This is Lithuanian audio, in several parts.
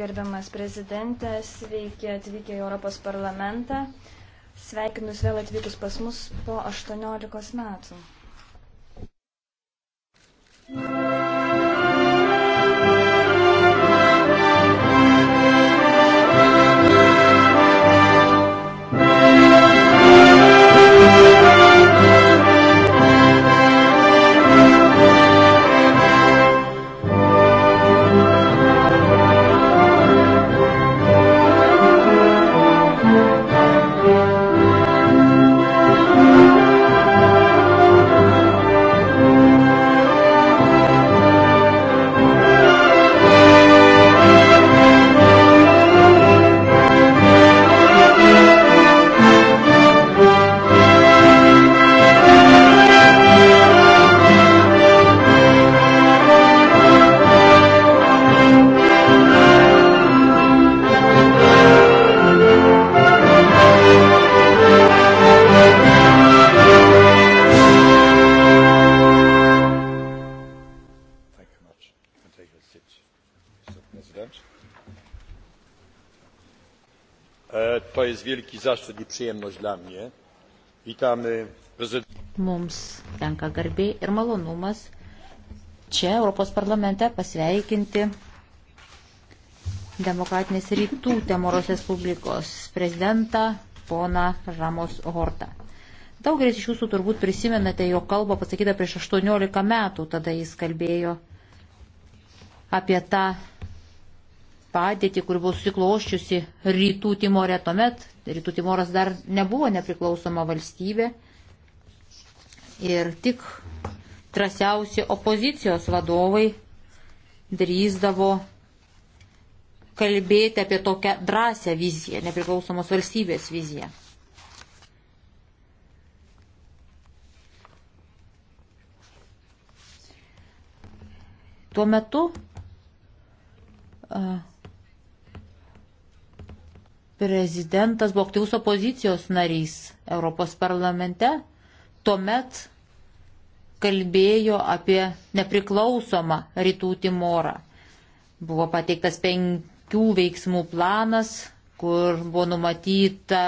Gerbiamas prezidentė, sveiki atvykę į Europos parlamentą. Sveikinus vėl atvykus pas mus po 18 metų. zaszczyt i przyjemność dla mnie. Witamy prezydentą. Mums tenka garbė ir malonumas čia Europos parlamente pasveikinti Demokratinės rytų Temoros Respublikos prezidentą poną Ramos Hortą. Daugelis iš jūsų turbūt prisimenate jo kalbą pasakytą prieš 18 metų, tada jis kalbėjo apie tą padėtį, kur buvo susikloščiusi rytų Timorė tuomet. Rytų Timoras dar nebuvo nepriklausoma valstybė. Ir tik drąsiausi opozicijos vadovai drįzdavo kalbėti apie tokią drąsią viziją, nepriklausomos valstybės viziją. Tuo metu uh, prezidentas buvo aktyvus opozicijos narys Europos parlamente, tuomet kalbėjo apie nepriklausomą rytų Timorą. Buvo pateiktas penkių veiksmų planas, kur buvo numatyta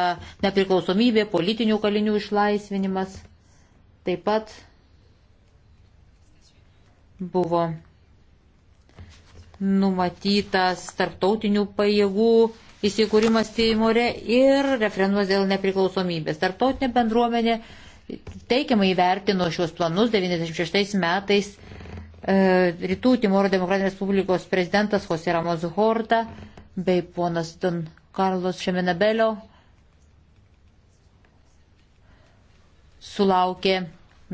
nepriklausomybė, politinių kalinių išlaisvinimas. Taip pat buvo numatytas tarptautinių pajėgų įsikūrimas Timore ir referendumas dėl nepriklausomybės. Tarptautinė bendruomenė teikiamai įvertino šios planus 96 metais. E, Rytų Timoro Demokratinės Respublikos prezidentas Jose Ramos Horta bei ponas Don Carlos Šemenabelio sulaukė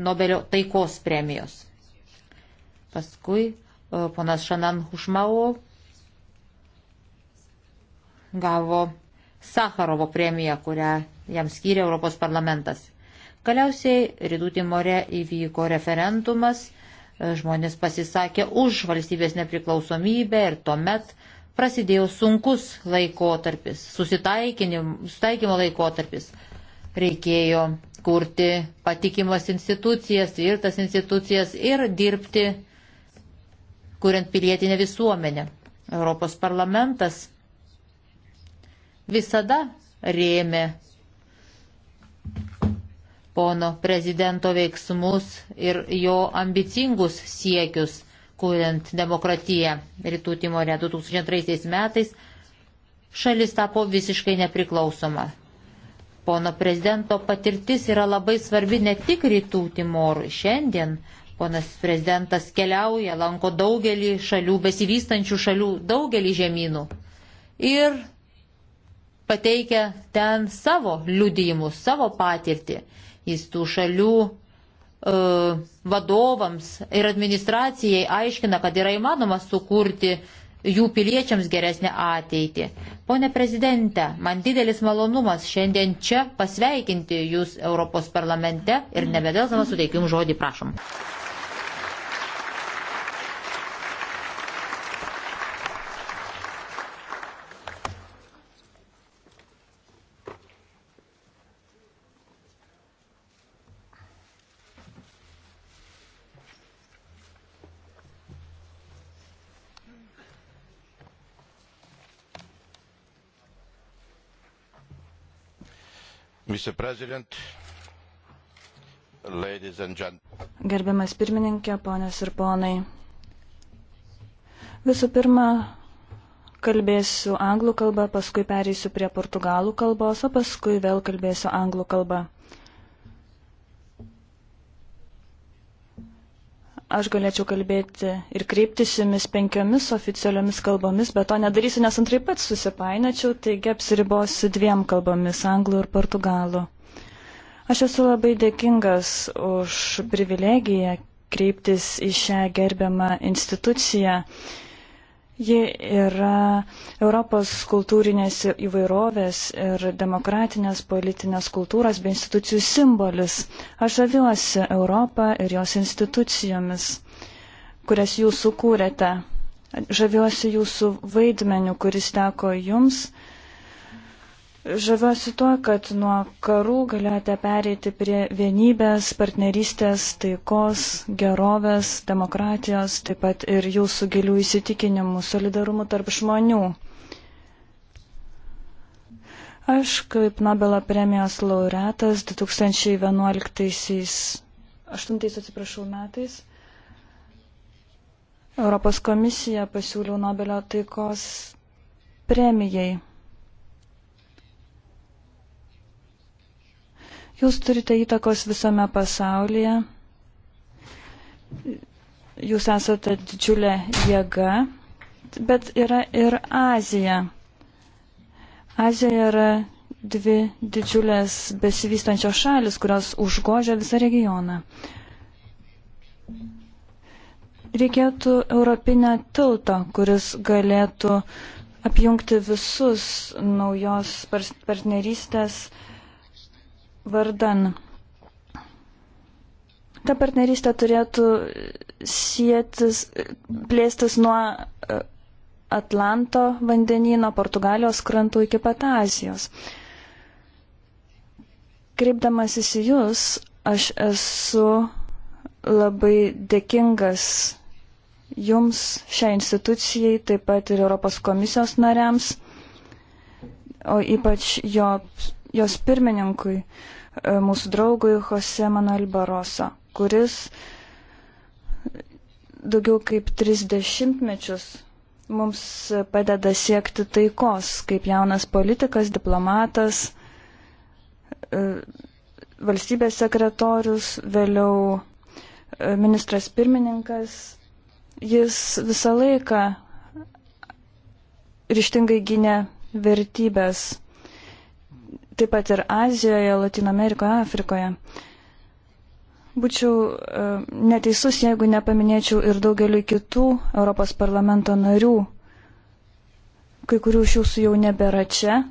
Nobelio taikos premijos. Paskui e, ponas Šanan Hušmau gavo Sakarovo premiją, kurią jam skyrė Europos parlamentas. Galiausiai Ridūtimore įvyko referendumas, e, žmonės pasisakė už valstybės nepriklausomybę ir tuomet prasidėjo sunkus laikotarpis, susitaikymo laikotarpis. Reikėjo kurti patikimas institucijas, tvirtas institucijas ir dirbti, kuriant pilietinę visuomenę. Europos parlamentas visada rėmė pono prezidento veiksmus ir jo ambicingus siekius, kuriant demokratiją Rytų Timorė 2002 metais, šalis tapo visiškai nepriklausoma. Pono prezidento patirtis yra labai svarbi ne tik Rytų Timorui. Šiandien ponas prezidentas keliauja, lanko daugelį šalių, besivystančių šalių, daugelį žemynų. Ir pateikia ten savo liudijimus, savo patirtį. Jis tų šalių uh, vadovams ir administracijai aiškina, kad yra įmanoma sukurti jų piliečiams geresnę ateitį. Pone prezidente, man didelis malonumas šiandien čia pasveikinti Jūs Europos parlamente ir nebedėlsamas suteikim žodį, prašom. Mr. President, ladies and gentlemen. Gerbiamas pirmininkė, ponios ir ponai. Visų pirma, kalbėsiu anglų kalbą, paskui pereisiu prie portugalų kalbos, o paskui vėl kalbėsiu anglų kalbą. aš galėčiau kalbėti ir kreiptis jumis penkiomis oficialiomis kalbomis, bet to nedarysiu, nes antrai pats susipainačiau, taigi apsiribosiu dviem kalbomis - anglų ir portugalų. Aš esu labai dėkingas už privilegiją kreiptis į šią gerbiamą instituciją Ji yra Europos kultūrinės įvairovės ir demokratinės politinės kultūros bei institucijų simbolis. Aš žaviuosi Europą ir jos institucijomis, kurias jūs sukūrėte. Žaviuosi jūsų vaidmeniu, kuris teko jums Žaviuosi tuo, kad nuo karų galėjote pereiti prie vienybės, partnerystės, taikos, gerovės, demokratijos, taip pat ir jūsų gilių įsitikinimų, solidarumų tarp žmonių. Aš kaip Nobelio premijos laureatas 2011 8 atsiprašau, metais Europos komisija pasiūliau Nobelio taikos premijai. Jūs turite įtakos visame pasaulyje. Jūs esate didžiulė jėga, bet yra ir Azija. Azijoje yra dvi didžiulės besivystančios šalis, kurios užgožia visą regioną. Reikėtų europinę tiltą, kuris galėtų apjungti visus naujos partnerystės uh, vardan. Ta partnerystė turėtų sėtis, plėstis nuo e, Atlanto vandenyno, Portugalijos krantų iki pat Azijos. Kreipdamasis į Jūs, aš esu labai dėkingas Jums, šiai institucijai, taip pat ir Europos komisijos nariams, o ypač jo jos pirmininkui, e, mūsų draugui Jose Manuel Baroso, kuris daugiau kaip 30 mečius mums padeda siekti taikos, kaip jaunas politikas, diplomatas, e, valstybės sekretorius, vėliau e, ministras pirmininkas. Jis visą laiką ryštingai gynė vertybės taip pat ir Azijoje, Latino Amerikoje, Afrikoje. Būčiau e, neteisus, jeigu nepaminėčiau ir daugeliu kitų Europos parlamento narių. Kai kurių iš jūsų jau nebėra čia.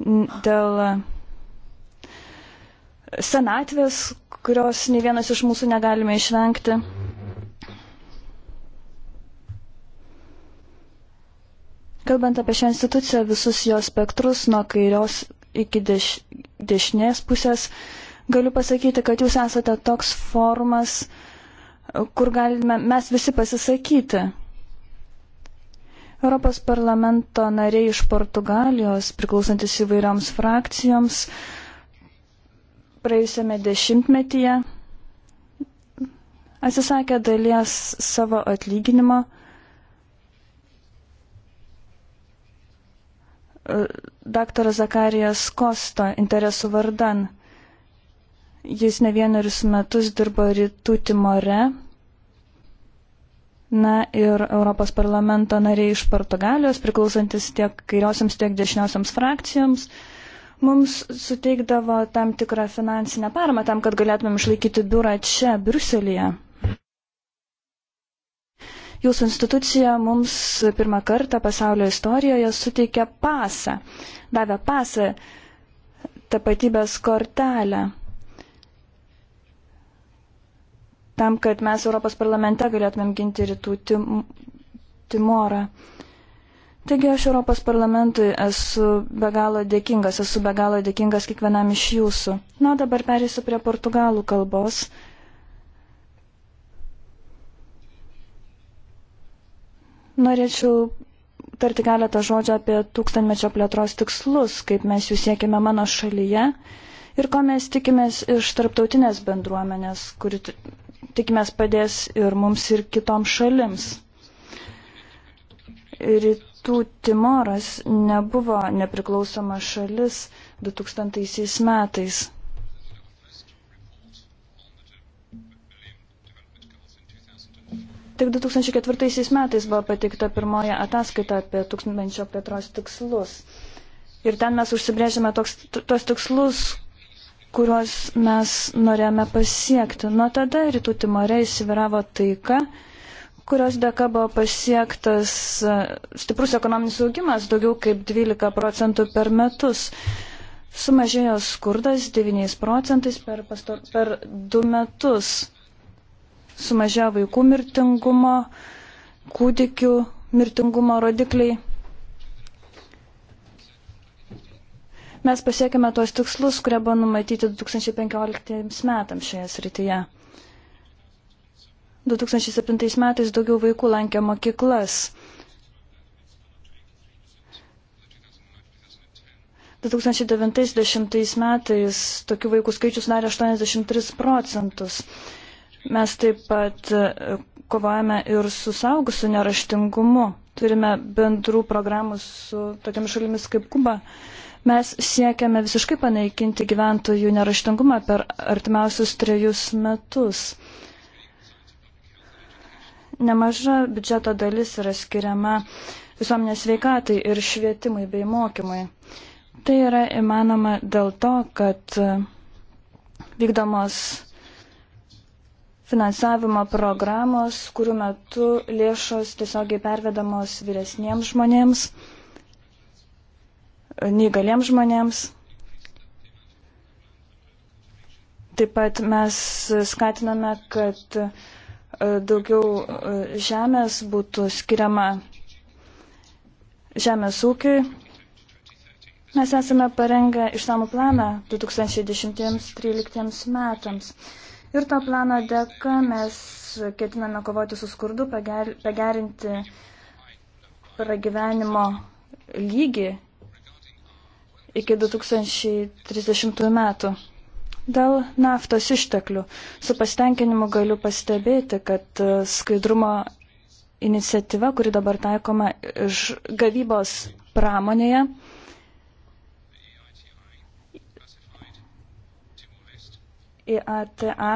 Dėl senatvės, kurios nei vienas iš mūsų negalime išvengti. Kalbant apie šią instituciją, visus jos spektrus nuo kairios iki deš, dešinės pusės, galiu pasakyti, kad jūs esate toks formas, kur galime mes visi pasisakyti. Europos parlamento nariai iš Portugalijos, priklausantis įvairioms frakcijoms, praėjusiame dešimtmetyje atsisakė dalies savo atlyginimo dr. Zakarijas Kosto interesų vardan. Jis ne vienerius metus dirbo rytų Timore. Na ir Europos parlamento nariai iš Portugalijos, priklausantis tiek kairiosiams, tiek dešiniosiams frakcijoms, mums suteikdavo tam tikrą finansinę paramą tam, kad galėtumėm išlaikyti biurą čia, Briuselėje. Jūsų institucija mums pirmą kartą pasaulio istorijoje suteikė pasą, davė pasą tapatybės kortelę. Tam, kad mes Europos parlamente galėtumėm ginti rytų tim Timorą. Taigi aš Europos parlamentui esu be galo dėkingas, esu be galo dėkingas kiekvienam iš jūsų. Na, dabar perėsiu prie portugalų kalbos. Norėčiau tarti keletą žodžių apie tūkstantmečio plėtros tikslus, kaip mes jų siekime mano šalyje ir ko mes tikimės iš tarptautinės bendruomenės, kuri tikimės padės ir mums, ir kitoms šalims. Rytų Timoras nebuvo nepriklausoma šalis 2000 metais. Tik 2004 metais buvo pateikta pirmoji ataskaita apie tūkstantmečio plėtros tikslus. Ir ten mes užsibrėžėme toks, tos tikslus, kuriuos mes norėjome pasiekti. Nuo tada rytų Timore įsiviravo taika, kurios dėka buvo pasiektas e, stiprus ekonominis augimas, daugiau kaip 12 procentų per metus. Sumažėjo skurdas 9 procentais per, pastor, per du metus sumažėjo vaikų mirtingumo, kūdikių mirtingumo rodikliai. Mes pasiekime tos tikslus, kurie buvo numatyti 2015 metams šioje srityje. 2007 metais daugiau vaikų lankė mokyklas. 2009-2010 metais tokių vaikų skaičius darė 83 procentus. Mes taip pat e, kovojame ir su saugusiu neraštingumu. Turime bendrų programų su tokiamis šalimis kaip Kuba. Mes siekiame visiškai panaikinti gyventojų neraštingumą per artimiausius trejus metus. Nemaža biudžeto dalis yra skiriama visuomenės veikatai ir švietimui bei mokymui. Tai yra įmanoma dėl to, kad vykdomos finansavimo programos, kurių metu lėšos tiesiogiai pervedamos vyresniems žmonėms, neįgaliems žmonėms. Taip pat mes skatiname, kad e, daugiau e, žemės būtų skiriama žemės ūkiui. Mes esame parengę išsamų planą 2010-2013 metams. Ir to plano dėka mes ketiname kovoti su skurdu, pagerinti pragyvenimo lygį iki 2030 metų. Dėl naftos išteklių su pasitenkinimu galiu pastebėti, kad skaidrumo iniciatyva, kuri dabar taikoma iš gavybos pramonėje, IATA e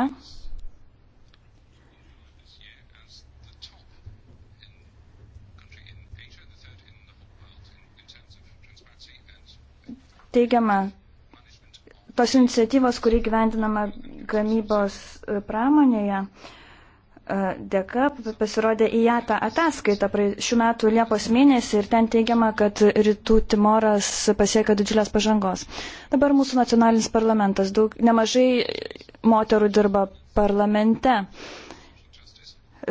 teigiama tos iniciatyvos, kurį gyvendinama gamybos e, pramonėje, E, dėka pasirodė į ją tą ataskaitą šių metų Liepos mėnesį ir ten teigiama, kad rytų Timoras pasieka didžiulės pažangos. Dabar mūsų nacionalinis parlamentas, daug, nemažai moterų dirba parlamente.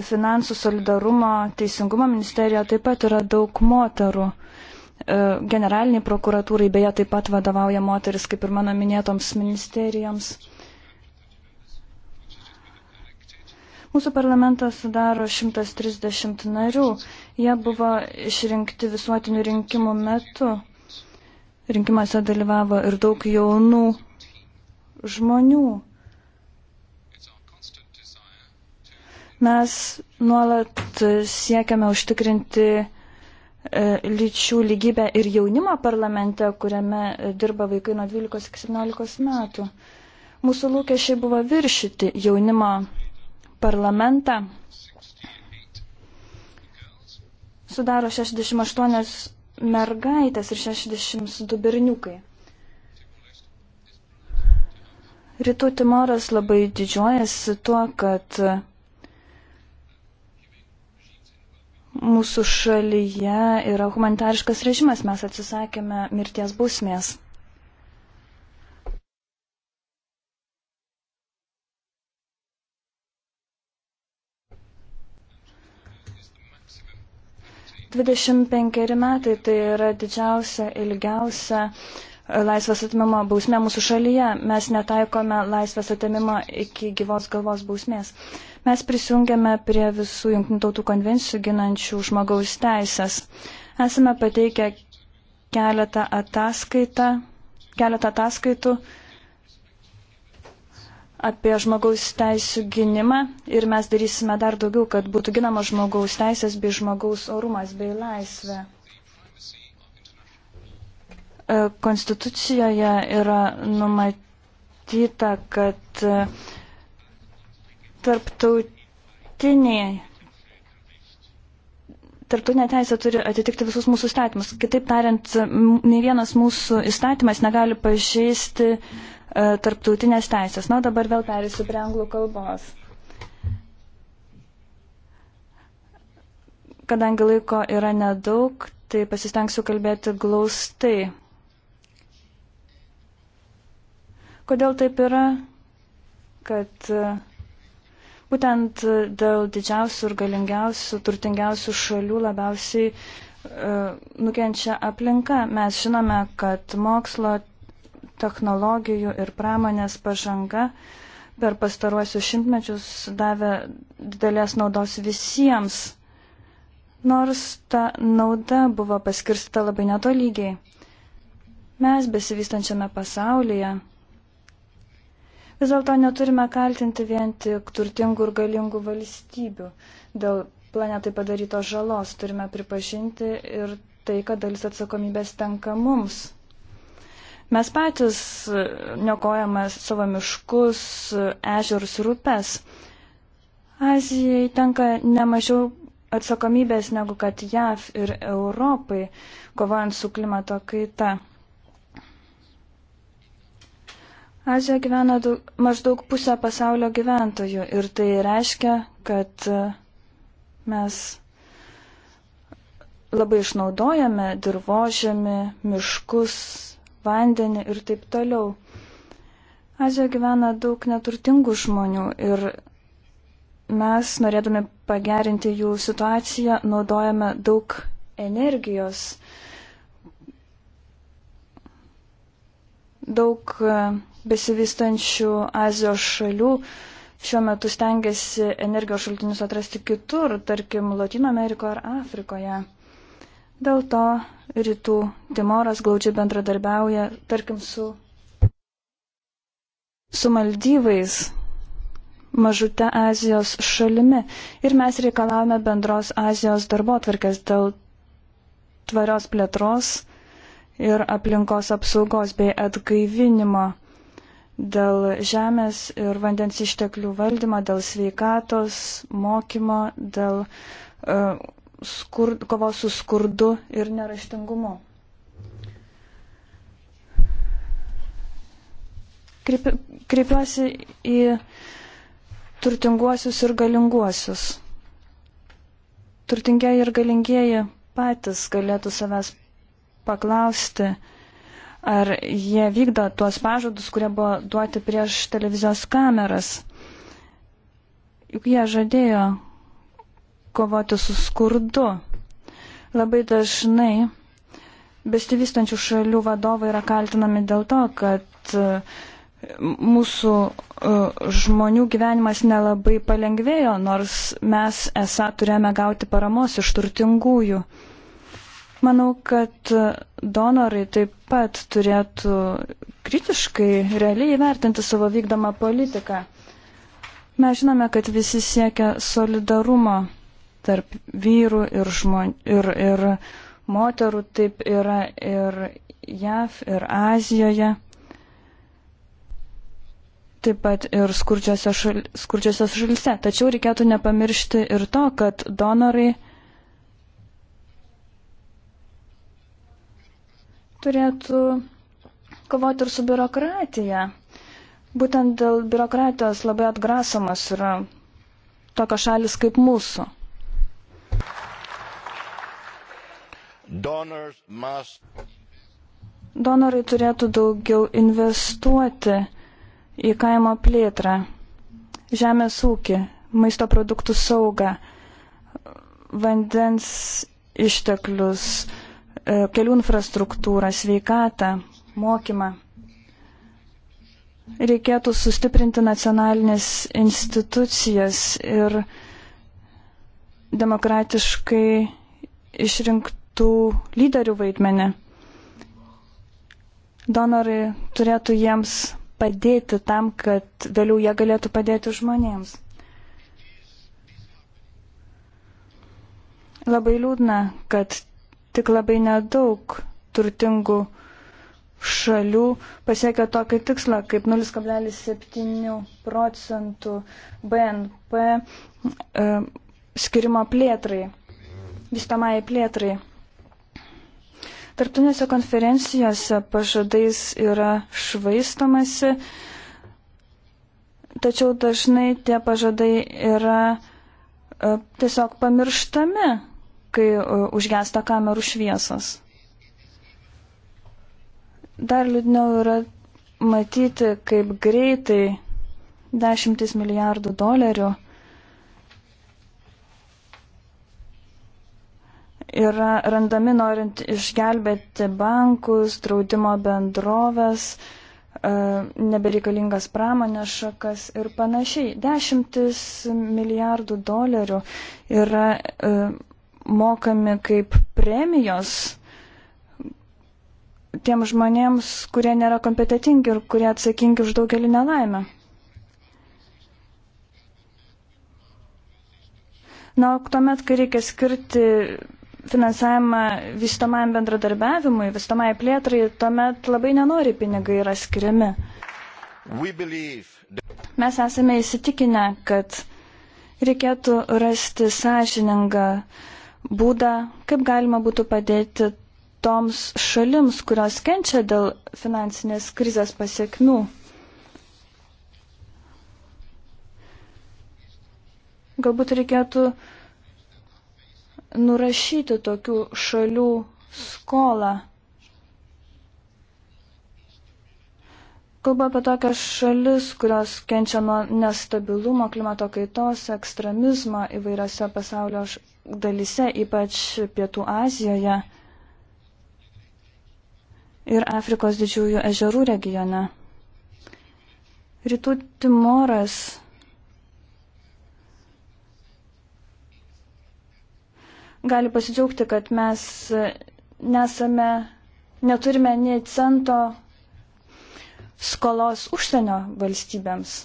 Finansų solidarumo, teisingumo ministerijoje taip pat yra daug moterų. E, generaliniai prokuratūrai beje taip pat vadovauja moteris, kaip ir mano minėtoms ministerijoms. Mūsų parlamentas sudaro 130 narių. Jie buvo išrinkti visuotinių rinkimų metu. Rinkimuose dalyvavo ir daug jaunų žmonių. Mes nuolat siekiame užtikrinti e, lyčių lygybę ir jaunimo parlamente, kuriame e, dirba vaikai nuo 12 iki 17 metų. Mūsų lūkesčiai buvo viršyti jaunimo parlamentą sudaro 68 mergaitės ir 62 berniukai. Rytų Timoras labai didžiuojasi tuo, kad mūsų šalyje yra humanitariškas režimas, mes atsisakėme mirties bausmės. 25 metai tai yra didžiausia, ilgiausia e, laisvės atimimo bausmė mūsų šalyje. Mes netaikome laisvės atimimo iki gyvos galvos bausmės. Mes prisijungiame prie visų jungtinių tautų konvencijų ginančių žmogaus teisės. Esame pateikę keletą ataskaitą, keletą ataskaitų apie žmogaus teisų gynimą ir mes darysime dar daugiau, kad būtų ginama žmogaus teisės bei žmogaus orumas bei laisvė. E, konstitucijoje yra numatyta, kad e, tarptautiniai tarptautinė teisė turi atitikti visus mūsų įstatymus. Kitaip tariant, nei vienas mūsų įstatymas negali pažeisti E, tarptautinės teisės. Na, dabar vėl perėsiu prie anglų kalbos. Kadangi laiko yra nedaug, tai pasistengsiu kalbėti glaustai. Kodėl taip yra, kad e, būtent dėl didžiausių ir galingiausių, turtingiausių šalių labiausiai e, nukenčia aplinka. Mes žinome, kad mokslo technologijų ir pramonės pažanga per pastaruosius šimtmečius davė didelės naudos visiems, nors ta nauda buvo paskirsta labai netolygiai. Mes besivystančiame pasaulyje vis dėlto neturime kaltinti vien tik turtingų ir galingų valstybių dėl planetai padarytos žalos. Turime pripažinti ir tai, kad dalis atsakomybės tenka mums. Mes patys nekojame savo miškus, ežerus ir upes. Azijai tenka nemažiau atsakomybės negu kad JAV ir Europai, kovojant su klimato kaita. Azijoje gyvena daug, maždaug pusę pasaulio gyventojų ir tai reiškia, kad mes labai išnaudojame dirbožėmi, miškus vandenį ir taip toliau. Azijoje gyvena daug neturtingų žmonių ir mes, norėdami pagerinti jų situaciją, naudojame daug energijos, daug e, besivystančių Azijos šalių šiuo metu stengiasi energijos šaltinius atrasti kitur, tarkim, Latino Amerikoje ar Afrikoje. Dėl to rytų Timoras glaudžiai bendradarbiauja, tarkim, su, su Maldyvais, mažute Azijos šalimi. Ir mes reikalavome bendros Azijos darbo atvarkės dėl tvarios plėtros ir aplinkos apsaugos bei atgaivinimo, dėl žemės ir vandens išteklių valdymo, dėl sveikatos, mokymo, dėl uh, skurd, kovos su skurdu ir neraštingumu. Kreipi, kreipiuosi į turtinguosius ir galinguosius. Turtingieji ir galingieji patys galėtų savęs paklausti, ar jie vykdo tuos pažadus, kurie buvo duoti prieš televizijos kameras. Juk jie žadėjo kovoti su skurdu. Labai dažnai bestivystančių šalių vadovai yra kaltinami dėl to, kad e, mūsų e, žmonių gyvenimas nelabai palengvėjo, nors mes esą turėjome gauti paramos iš turtingųjų. Manau, kad e, donorai taip pat turėtų kritiškai, realiai įvertinti savo vykdomą politiką. Mes žinome, kad visi siekia solidarumo tarp vyrų ir, žmon, ir, ir moterų, taip yra ir JAV, ir Azijoje. Taip pat ir skurdžiose, šal, skurdžiose šalise. Tačiau reikėtų nepamiršti ir to, kad donorai turėtų kovoti ir su biurokratija. Būtent dėl biurokratijos labai atgrasomas yra tokios šalis kaip mūsų. Donorai turėtų daugiau investuoti į kaimo plėtrą, žemės ūkį, maisto produktų saugą, vandens išteklius, e, kelių infrastruktūrą, sveikatą, mokymą. Reikėtų sustiprinti nacionalinės institucijas ir demokratiškai išrinkti tų lyderių vaidmenį. Donorai turėtų jiems padėti tam, kad vėliau jie galėtų padėti žmonėms. Labai liūdna, kad tik labai nedaug turtingų šalių pasiekia tokį tikslą kaip 0,7 procentų BNP e, skirimo plėtrai, vystamai plėtrai. Tarptautinėse konferencijose pažadais yra švaistomasi, tačiau dažnai tie pažadai yra e, tiesiog pamirštami, kai e, užgesta kamerų šviesos. Dar liūdniau yra matyti, kaip greitai dešimtis milijardų dolerių yra randami norint išgelbėti bankus, draudimo bendrovės, e, nebereikalingas pramonės šakas ir panašiai. Dešimtis milijardų dolerių yra e, mokami kaip premijos tiem žmonėms, kurie nėra kompetitingi ir kurie atsakingi už daugelį nelaimę. Na, o tuomet, kai reikia skirti finansavimą vystomajam bendradarbiavimui, vystomajai plėtrai, tuomet labai nenori pinigai yra skiriami. Mes esame įsitikinę, kad reikėtų rasti sąžiningą būdą, kaip galima būtų padėti toms šalims, kurios kenčia dėl finansinės krizės pasiekmių. Galbūt reikėtų uh, nurašyti tokių šalių skolą. Kalba apie tokias šalis, kurios kenčia nuo nestabilumo, klimato kaitos, ekstremizmo įvairiose pasaulio dalise, ypač Pietų Azijoje ir Afrikos didžiųjų ežerų regione. Rytų Timoras gali pasidžiaugti, kad mes nesame, neturime nei cento skolos užsienio valstybėms.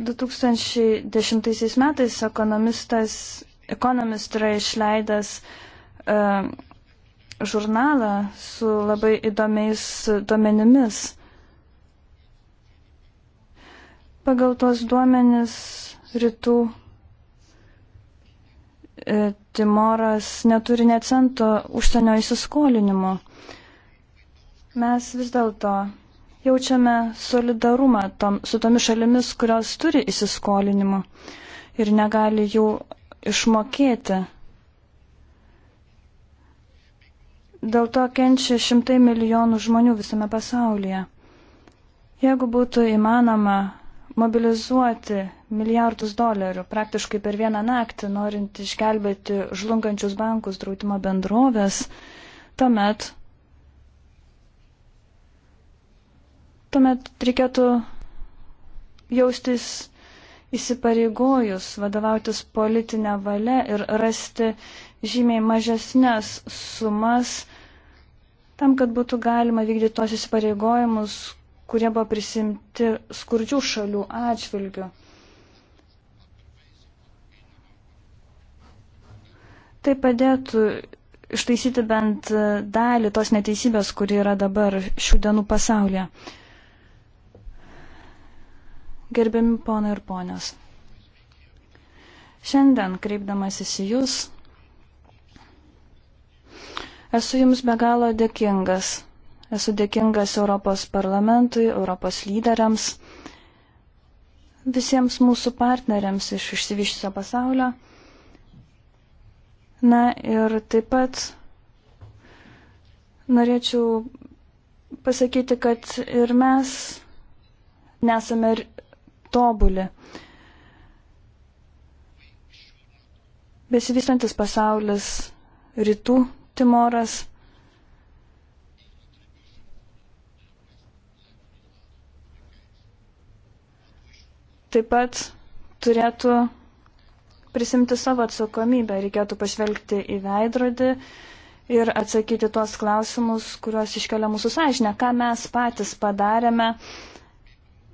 Du 2010 metais ekonomistas, ekonomist yra išleidęs uh, žurnalą su labai įdomiais duomenimis. Pagal tuos duomenis rytų e, Timoras neturi net cento užsienio įsiskolinimo. Mes vis dėlto jaučiame solidarumą tom, su tomis šalimis, kurios turi įsiskolinimo ir negali jų išmokėti. Dėl to kenčia šimtai milijonų žmonių visame pasaulyje. Jeigu būtų įmanoma mobilizuoti milijardus dolerių praktiškai per vieną naktį, norint išgelbėti žlungančius bankus, draudimo bendrovės, tuomet, tuomet reikėtų jaustis įsipareigojus, vadovautis politinę valią ir rasti žymiai mažesnės sumas tam, kad būtų galima vykdyti tos įsipareigojimus, kurie buvo prisimti skurdžių šalių atžvilgių. Tai padėtų ištaisyti bent dalį tos neteisybės, kuri yra dabar šių dienų pasaulyje. Gerbiami ponai ir ponios. Šiandien, kreipdamasis į Jūs, esu Jums be galo dėkingas Esu dėkingas Europos parlamentui, Europos lyderiams, visiems mūsų partneriams iš išsivyščiusio pasaulio. Na ir taip pat norėčiau pasakyti, kad ir mes nesame ir tobuli. Besivystantis pasaulis, rytų Timoras taip pat turėtų prisimti savo atsakomybę, reikėtų pažvelgti į veidrodį ir atsakyti tuos klausimus, kuriuos iškelia mūsų sąžinė, ką mes patys padarėme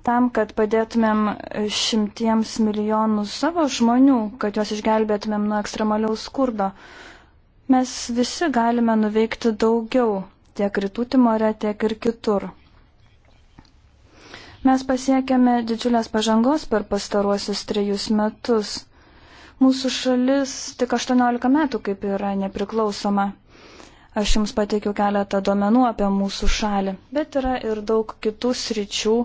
tam, kad padėtumėm šimtiems milijonų savo žmonių, kad juos išgelbėtumėm nuo ekstremaliaus skurdo. Mes visi galime nuveikti daugiau tiek rytų Timore, tiek ir kitur. Mes pasiekėme didžiulės pažangos per pastaruosius trejus metus. Mūsų šalis tik 18 metų kaip yra nepriklausoma. Aš jums pateikiau keletą duomenų apie mūsų šalį, bet yra ir daug kitų sričių,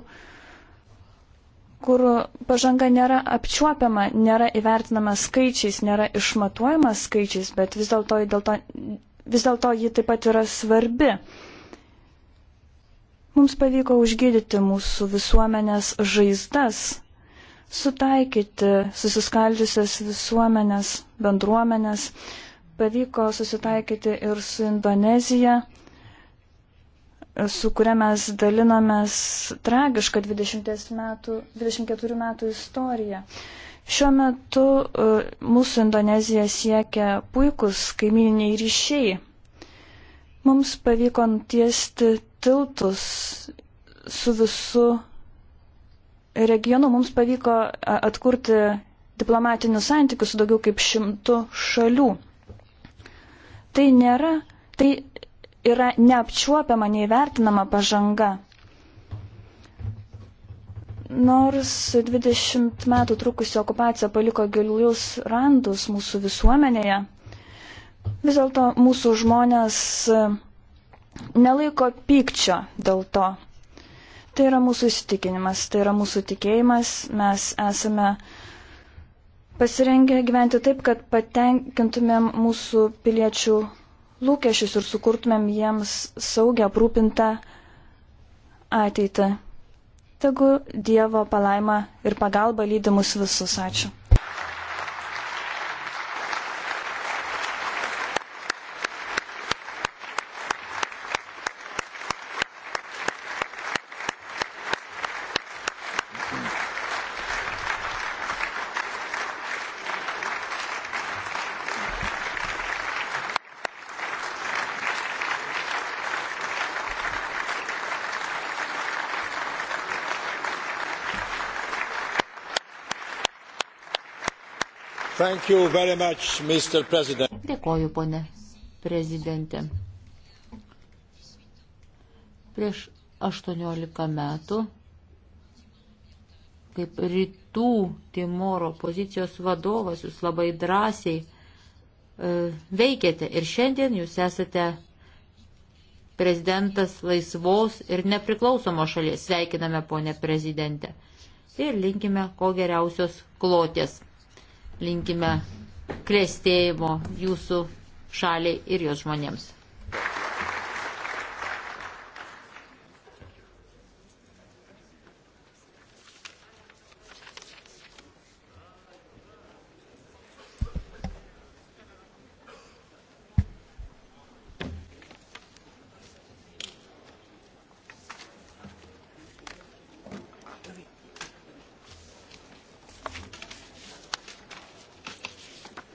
kur pažanga nėra apčiuopiama, nėra įvertinama skaičiais, nėra išmatuojama skaičiais, bet vis dėlto dėl to, vis dėl to ji taip pat yra svarbi. Mums pavyko užgydyti mūsų visuomenės žaizdas, sutaikyti susiskaldžiusias visuomenės, bendruomenės, pavyko susitaikyti ir su Indonezija, su kuria mes dalinamės tragišką 20 metų, 24 metų istoriją. Šiuo metu e, mūsų Indonezija siekia puikus kaimininiai ryšiai. Mums pavyko tiesti tiltus su visu regionu, mums pavyko atkurti diplomatinius santykius su daugiau kaip šimtu šalių. Tai nėra, tai yra neapčiuopiama, neįvertinama pažanga. Nors 20 metų trukusi okupacija paliko gilius randus mūsų visuomenėje, Vis dėlto mūsų žmonės e, nelaiko pykčio dėl to. Tai yra mūsų įsitikinimas, tai yra mūsų tikėjimas, mes esame pasirengę gyventi taip, kad patenkintumėm mūsų piliečių lūkesčius ir sukurtumėm jiems saugę aprūpintą ateitį. Tegu Dievo palaima ir pagalba lydimus visus. Ačiū. Much, Dėkoju, ponė prezidentė. Prieš 18 metų, kaip rytų Timoro pozicijos vadovas, jūs labai drąsiai e, veikėte ir šiandien jūs esate prezidentas laisvos ir nepriklausomos šalies. Sveikiname, ponė prezidentė. Ir linkime ko geriausios klotės linkime klėstėjimo jūsų šaliai ir jos žmonėms.